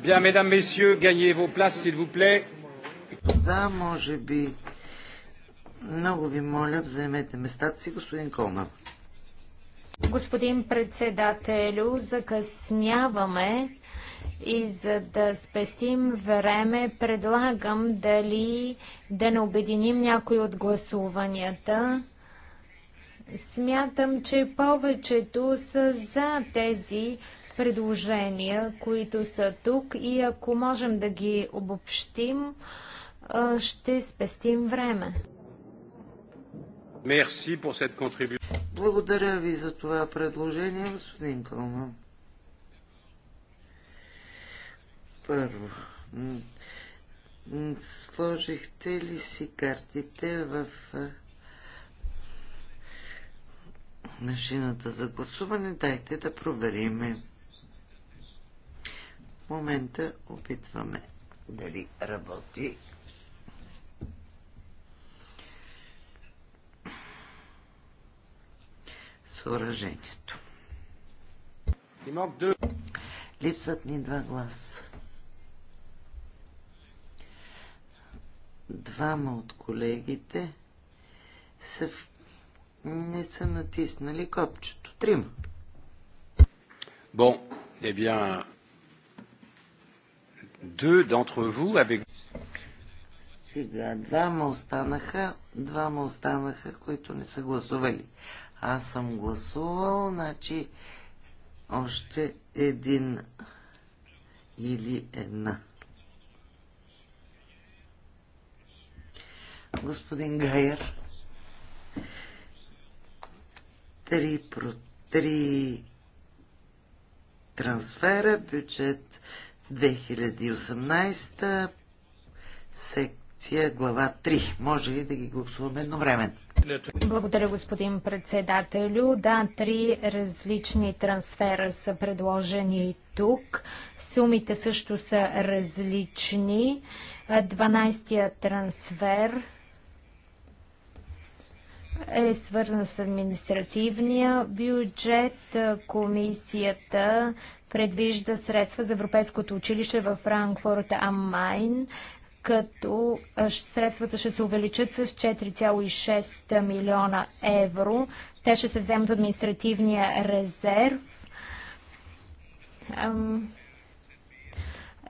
Bien, mesdames, messieurs, gagnez vos places, s'il vous plaît. Да, може би. Много ви моля, вземете местата си, господин Кома. Господин председателю, закъсняваме и за да спестим време, предлагам дали да не обединим някои от гласуванията. Смятам, че повечето са за тези предложения, които са тук и ако можем да ги обобщим, ще спестим време. Благодаря ви за това предложение, господин Калман. Първо, сложихте ли си картите в машината за гласуване? Дайте да провериме. В момента опитваме дали работи. Съоръжението. Липсват ни два гласа. Двама от колегите са в... не са натиснали копчето. Трима. Бон, е eh bien, deux d'entre vous avec двама останаха, двама останаха, които не са гласували. Аз съм гласувал, значи още един или една. Господин Гайер, три, про, три трансфера, бюджет 2018 секция глава 3. Може ли да ги гласуваме едновременно? Благодаря, господин председателю. Да, три различни трансфера са предложени тук. Сумите също са различни. 12-тия трансфер е свързан с административния бюджет. Комисията предвижда средства за Европейското училище в Франкфурт Аммайн, като средствата ще се увеличат с 4,6 милиона евро. Те ще се вземат административния резерв.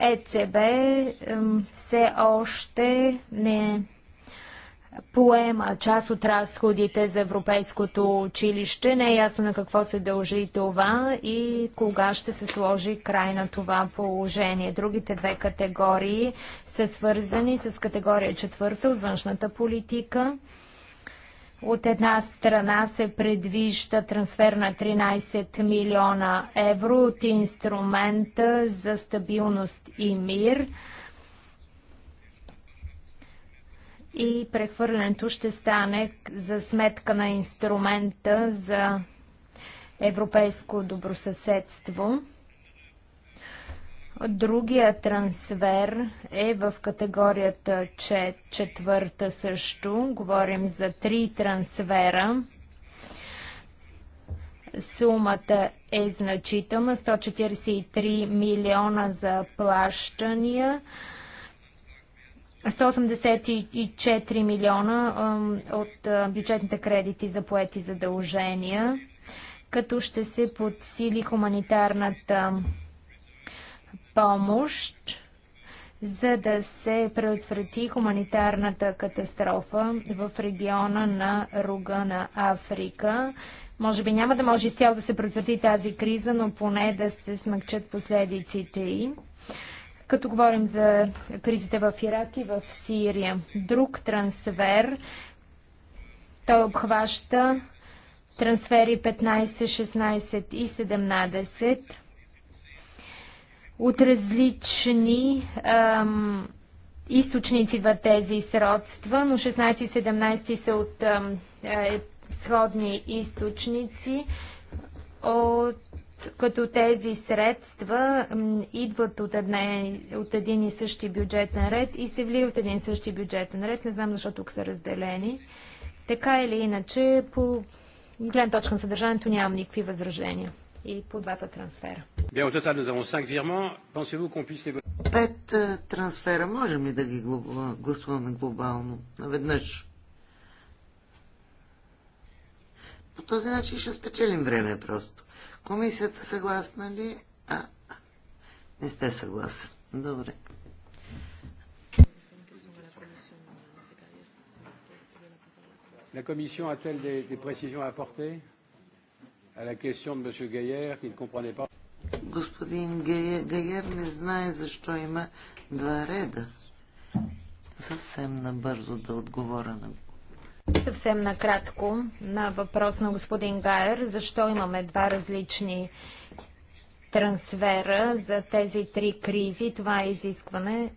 ЕЦБ все още не поема част от разходите за Европейското училище. Не е ясно на какво се дължи това и кога ще се сложи край на това положение. Другите две категории са свързани с категория четвърта от външната политика. От една страна се предвижда трансфер на 13 милиона евро от инструмента за стабилност и мир – и прехвърлянето ще стане за сметка на инструмента за европейско добросъседство. Другия трансфер е в категорията четвърта също. Говорим за три трансфера. Сумата е значителна 143 милиона за плащания. 184 милиона от бюджетните кредити за поети задължения, като ще се подсили хуманитарната помощ, за да се предотврати хуманитарната катастрофа в региона на Руга на Африка. Може би няма да може изцяло да се предотврати тази криза, но поне да се смъкчат последиците й като говорим за кризите в Ирак и в Сирия. Друг трансфер, той обхваща трансфери 15, 16 и 17 от различни ам, източници в тези сродства, но 16 и 17 са от ам, е, сходни източници от като тези средства идват от, една, от един и същи бюджетен ред и се вливат един и същи бюджетен ред. Не знам защо тук са разделени. Така или иначе, по гледна точка на съдържанието нямам никакви възражения и по двата трансфера. Пет е, трансфера. Можем ли да ги е, гласуваме глобално? Наведнъж. По този начин ще спечелим време просто. Комисията съгласна ли? А, не сте съгласни. Добре. La Commission a-t-elle des, des précisions à apporter à la question de M. Gaillard qui ne comprenait pas Господин Гайер не знае защо има два реда. Съвсем набързо да отговоря на Съвсем накратко на въпрос на господин Гайер, защо имаме два различни трансфера за тези три кризи. Това е изискване,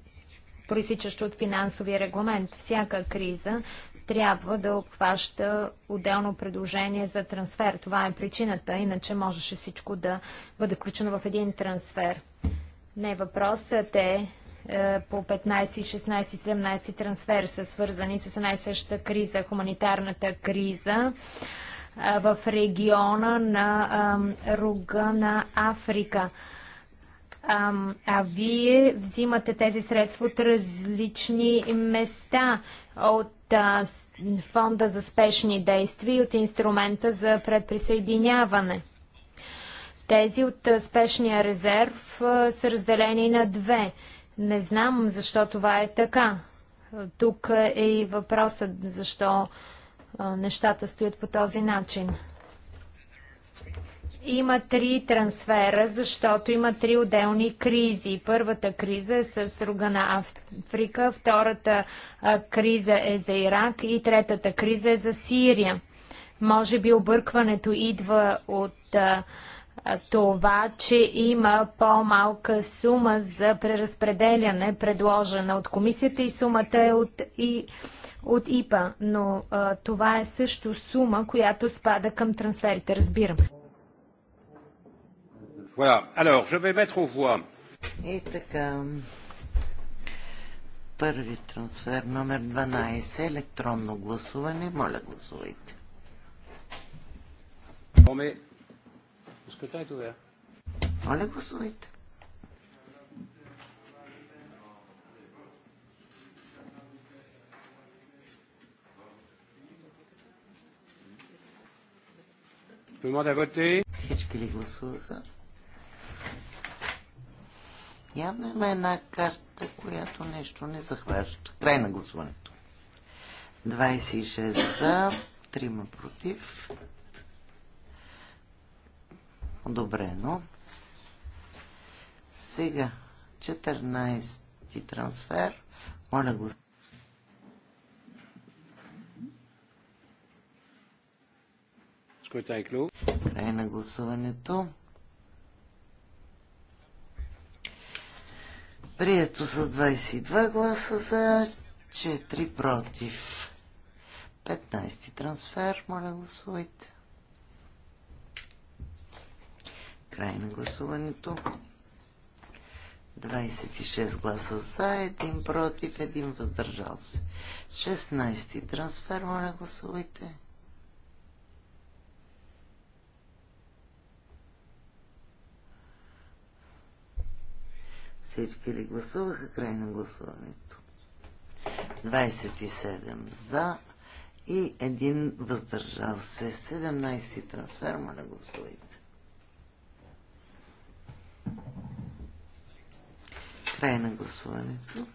проистичащо от финансовия регламент. Всяка криза трябва да обхваща отделно предложение за трансфер. Това е причината, иначе можеше всичко да бъде включено в един трансфер. Не, е въпросът е е, по 15, 16, 17 трансфер са свързани с най-същата криза, хуманитарната криза е, в региона на Руга на Африка. А, а вие взимате тези средства от различни места, от а, фонда за спешни действия и от инструмента за предприсъединяване. Тези от спешния резерв а, са разделени на две. Не знам защо това е така. Тук е и въпросът защо нещата стоят по този начин. Има три трансфера, защото има три отделни кризи. Първата криза е с Руга на Африка, втората криза е за Ирак и третата криза е за Сирия. Може би объркването идва от това, че има по-малка сума за преразпределяне, предложена от комисията и сумата е от, и, от ИПА, но а, това е също сума, която спада към трансферите, разбирам. Voilà. Alors, je vais mettre au voix. И така, първи трансфер номер 12, електронно гласуване. Моля, гласувайте. Bon, mais scrutin est ouvert. Моля, гласувайте. Всички ли гласуваха? Явно има една карта, която нещо не захваща. Край на гласуването. 26 за, 3 против но Сега, 14-ти трансфер. Моля го. Край на гласуването. Прието с 22 гласа за 4 против. 15 трансфер, моля гласувайте. Край на гласуването. 26 гласа за, 1 против, 1 въздържал се. 16 трансфер, моля гласувайте. Всички ли гласуваха край на гласуването? 27 за и 1 въздържал се. 17 трансфер, моля гласувайте. Край на гласуването.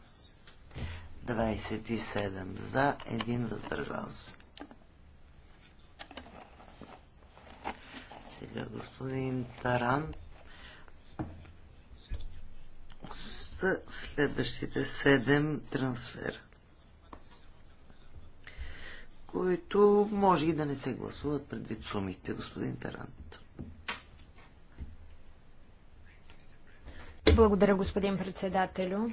27 за, 1 въздържал се. Сега господин Таран с следващите 7 трансфера, които може и да не се гласуват предвид сумите, господин Тарант. Благодаря, господин председателю.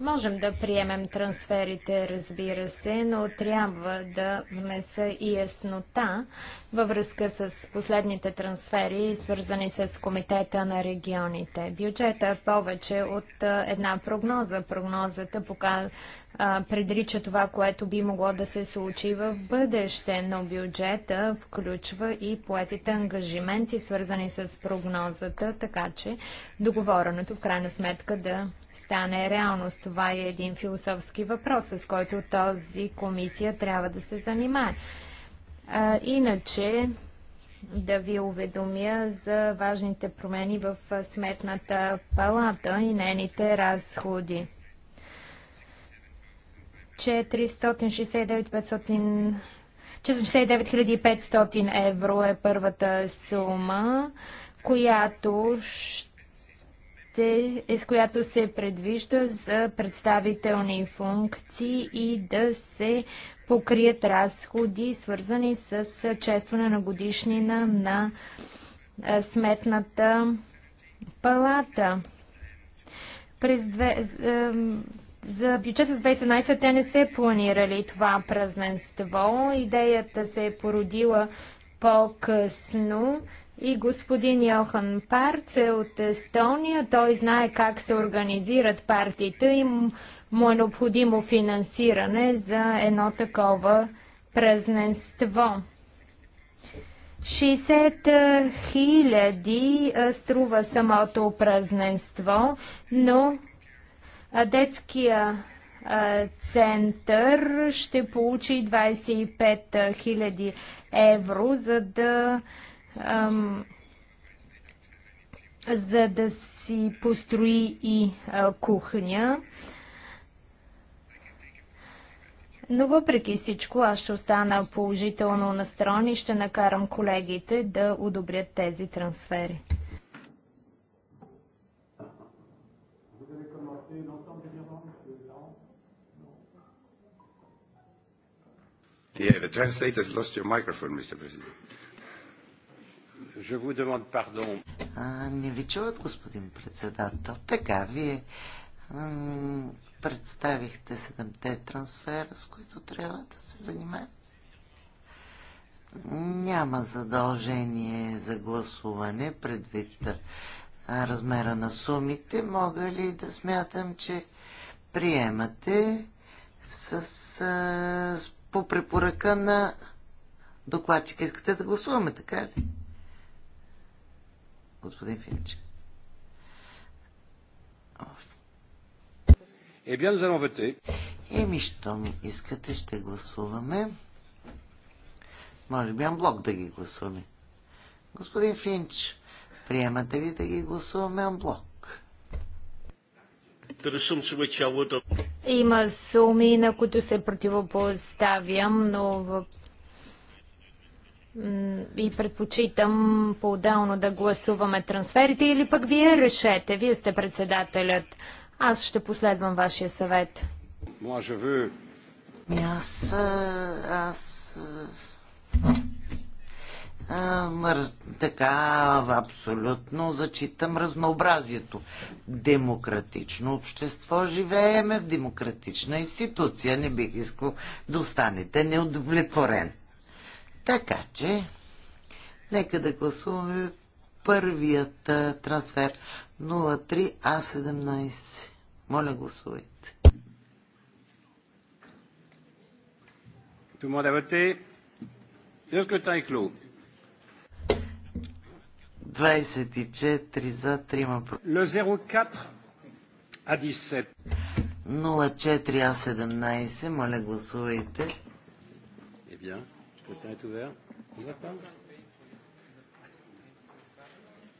Можем да приемем трансферите, разбира се, но трябва да внеса и яснота във връзка с последните трансфери, свързани с Комитета на регионите. Бюджета е повече от една прогноза. Прогнозата показва а, предрича това, което би могло да се случи в бъдеще, но бюджета включва и поетите ангажименти, свързани с прогнозата, така че договореното в крайна сметка да стане реалност. Това е един философски въпрос, с който този комисия трябва да се занимае. А, иначе да ви уведомя за важните промени в Сметната палата и нейните разходи. 469 евро е първата сума, която ще, е, с която се предвижда за представителни функции и да се покрият разходи, свързани с честване на годишнина на сметната палата. През две, за бюджет с 2017 те не се планирали това празненство. Идеята се е породила по-късно и господин Йохан Парц е от Естония. Той знае как се организират партиите и му е необходимо финансиране за едно такова празненство. 60 хиляди струва самото празненство, но Детския център ще получи 25 000 евро, за да, за да си построи и кухня. Но въпреки всичко, аз ще остана положително настроен и ще накарам колегите да одобрят тези трансфери. The, lost your microphone, Mr. President. Je vous demande pardon. А, не ви чуват, господин председател. Така, вие представихте седемте трансфера, с които трябва да се занимаем. Няма задължение за гласуване предвид размера на сумите. Мога ли да смятам, че приемате с по препоръка на докладчика. Искате да гласуваме, така ли? Господин Фимче. Е, eh bien, nous allons voter. Еми, щом искате, ще гласуваме. Може би блок да ги гласуваме. Господин Финч, приемате ли да ги гласуваме анблок? Да решим, че вече тяло да... Има суми, на които се противопоставям, но в... и предпочитам по-отделно да гласуваме трансферите или пък вие решете. Вие сте председателят. Аз ще последвам вашия съвет. Аз, аз така абсолютно зачитам разнообразието. Демократично общество живееме в демократична институция. Не бих искал да останете неудовлетворен. Така че, нека да гласуваме първият трансфер 03А17. Моля, гласувайте. Tout le monde a voté. Le scrutin est 24 за 3 против. 04 а 17. 04 а 17. Моля, гласувайте. Eh bien, scrutin est ouvert.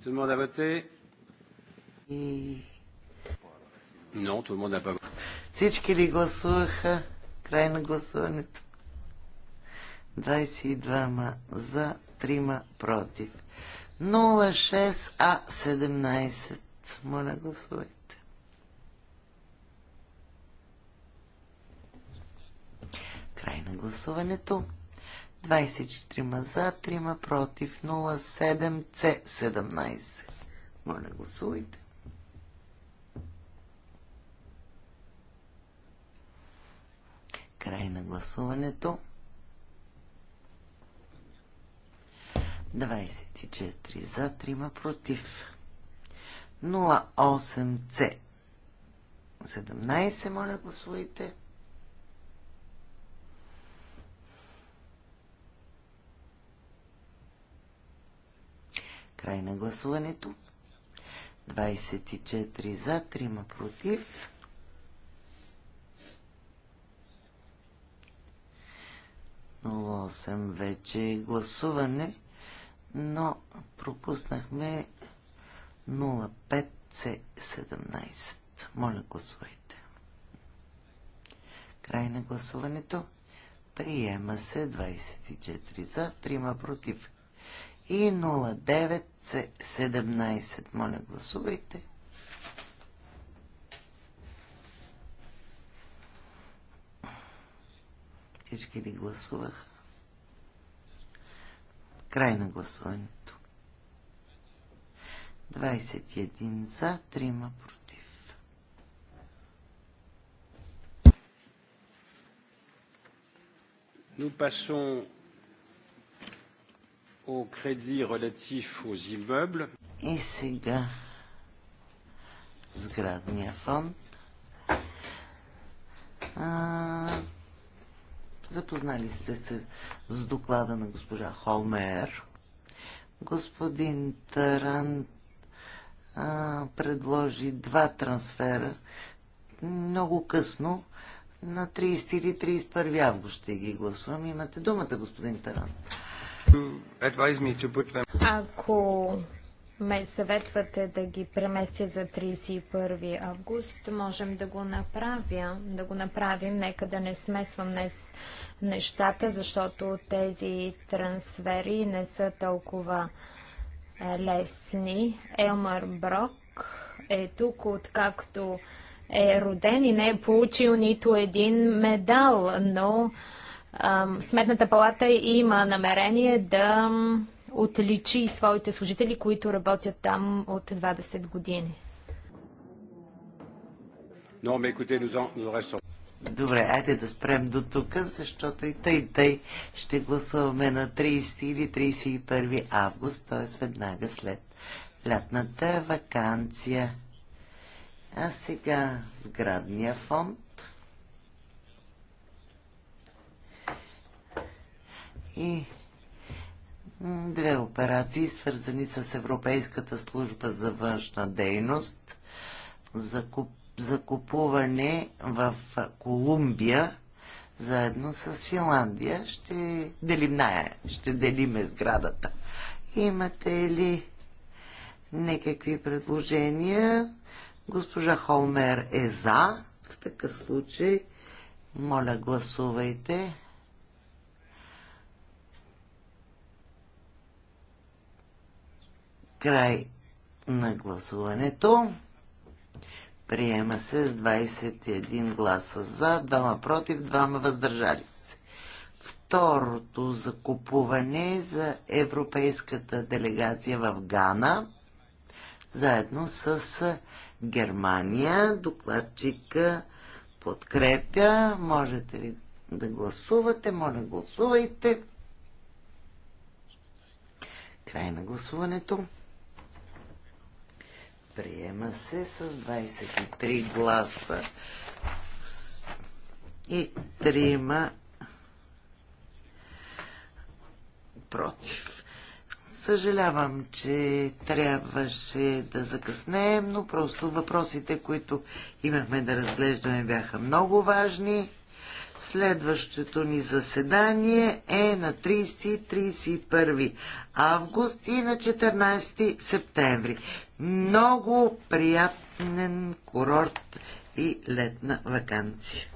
On va a voté И... Non, tout le monde n'a pas voté. Всички ли гласуваха? Край на гласуването. 22 за, 3 против. 06А17. Моля, гласувайте. Край на гласуването. 24 за, 3 против, 07C17. Моля, гласувайте. Край на гласуването. 24 за, 3 против. 08C 17, моля гласувайте. Край на гласуването. 24 за, 3 против. 08 вече е гласуване но пропуснахме 05C17. Моля, гласувайте. Край на гласуването. Приема се 24 за, 3 против и 09 17. Моля, гласувайте. Всички ли гласуваха? Край на гласуването. 21 за, 3 против. Nous passons au crédit relatif aux immeubles. И сега сградния фонд. Запознали сте се с доклада на госпожа Холмер. Господин Таран а, предложи два трансфера. Много късно, на 30 или 31 август ще ги гласувам. Имате думата, господин Таран. Ако ме съветвате да ги преместя за 31 август, можем да го направя, да го направим. Нека да не смесвам днес нещата, защото тези трансфери не са толкова е, лесни. Елмър Брок е тук, откакто е роден и не е получил нито един медал, но ам, Сметната палата има намерение да отличи своите служители, които работят там от 20 години. Non, mais écoutez, nous en, nous restons. Добре, айде да спрем до тук, защото и тъй, тъй ще гласуваме на 30 или 31 август, т.е. веднага след лятната вакансия. А сега сградния фонд. И две операции, свързани с Европейската служба за външна дейност, закуп закупуване в Колумбия заедно с Финландия. Ще делим ная, ще делиме сградата. Имате ли някакви предложения? Госпожа Холмер е за. В такъв случай, моля, гласувайте. Край на гласуването. Приема се с 21 гласа за, 2 против, двама въздържали се. Второто закупуване за европейската делегация в Гана, заедно с Германия. Докладчика подкрепя. Можете ли да гласувате? Моля, гласувайте. Край на гласуването. Приема се с 23 гласа и 3 против. Съжалявам, че трябваше да закъснеем, но просто въпросите, които имахме да разглеждаме, бяха много важни. Следващото ни заседание е на 30-31 август и на 14 септември. Много приятен курорт и летна вакансия.